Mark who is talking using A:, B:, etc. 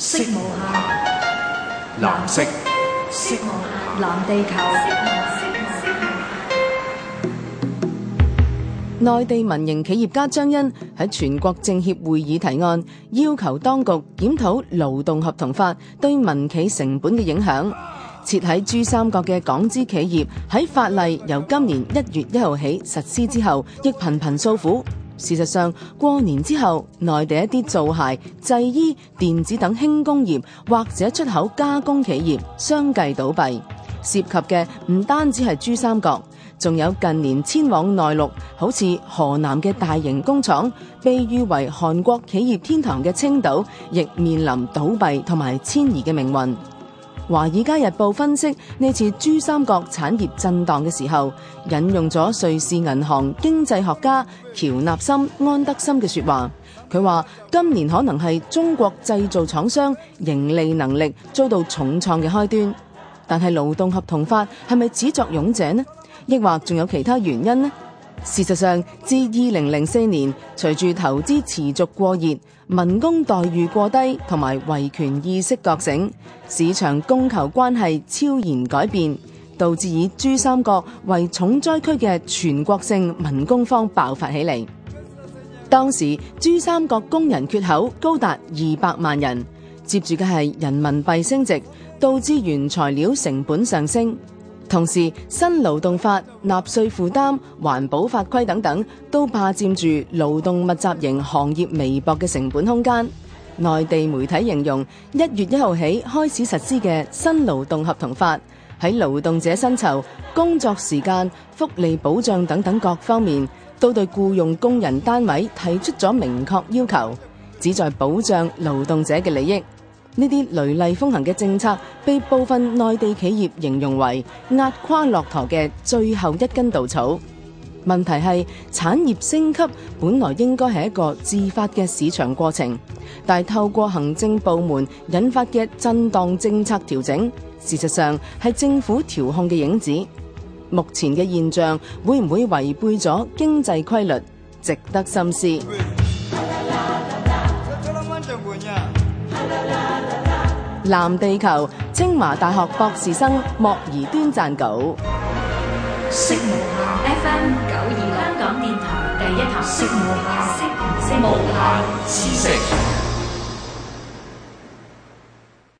A: 色無暇，藍色。色無暇，藍地球。內地民營企業家張欣喺全國政協會議提案，要求當局檢討勞動合同法對民企成本嘅影響。設喺珠三角嘅港資企業喺法例由今年一月一號起實施之後，亦頻頻訴苦。事實上，過年之後，內地一啲造鞋、製衣、電子等輕工業或者出口加工企業相繼倒閉，涉及嘅唔單止係珠三角，仲有近年遷往內陸，好似河南嘅大型工廠，被譽為韓國企業天堂嘅青島，亦面臨倒閉同埋遷移嘅命運。《華爾街日報》分析呢次珠三角產業震盪嘅時候，引用咗瑞士銀行經濟學家喬納森安德森嘅說話。佢話今年可能係中國製造廠商盈利能力遭到重創嘅開端。但係勞動合同法係咪始作俑者呢？抑或仲有其他原因呢？事實上，自二零零四年，隨住投資持續過熱、民工待遇過低同埋維權意識覺醒，市場供求關係悄然改變，導致以珠三角為重災區嘅全國性民工荒爆發起嚟。當時珠三角工人缺口高達二百萬人，接住嘅係人民幣升值，導致原材料成本上升。同時，新勞動法、納稅負擔、環保法規等等，都霸佔住勞動密集型行業微薄嘅成本空間，內地媒體形容，一月一號起開始實施嘅新勞動合同法，喺勞動者薪酬、工作時間、福利保障等等各方面，都對雇傭工人單位提出咗明確要求，旨在保障勞動者嘅利益。呢啲雷厲風行嘅政策，被部分內地企業形容為壓垮駱駝嘅最後一根稻草。問題係產業升級本來應該係一個自發嘅市場過程，但透過行政部門引發嘅震盪政策調整，事實上係政府調控嘅影子。目前嘅現象會唔會違背咗經濟規律，值得深思。藍地球，清華大學博士生莫宜端撰稿。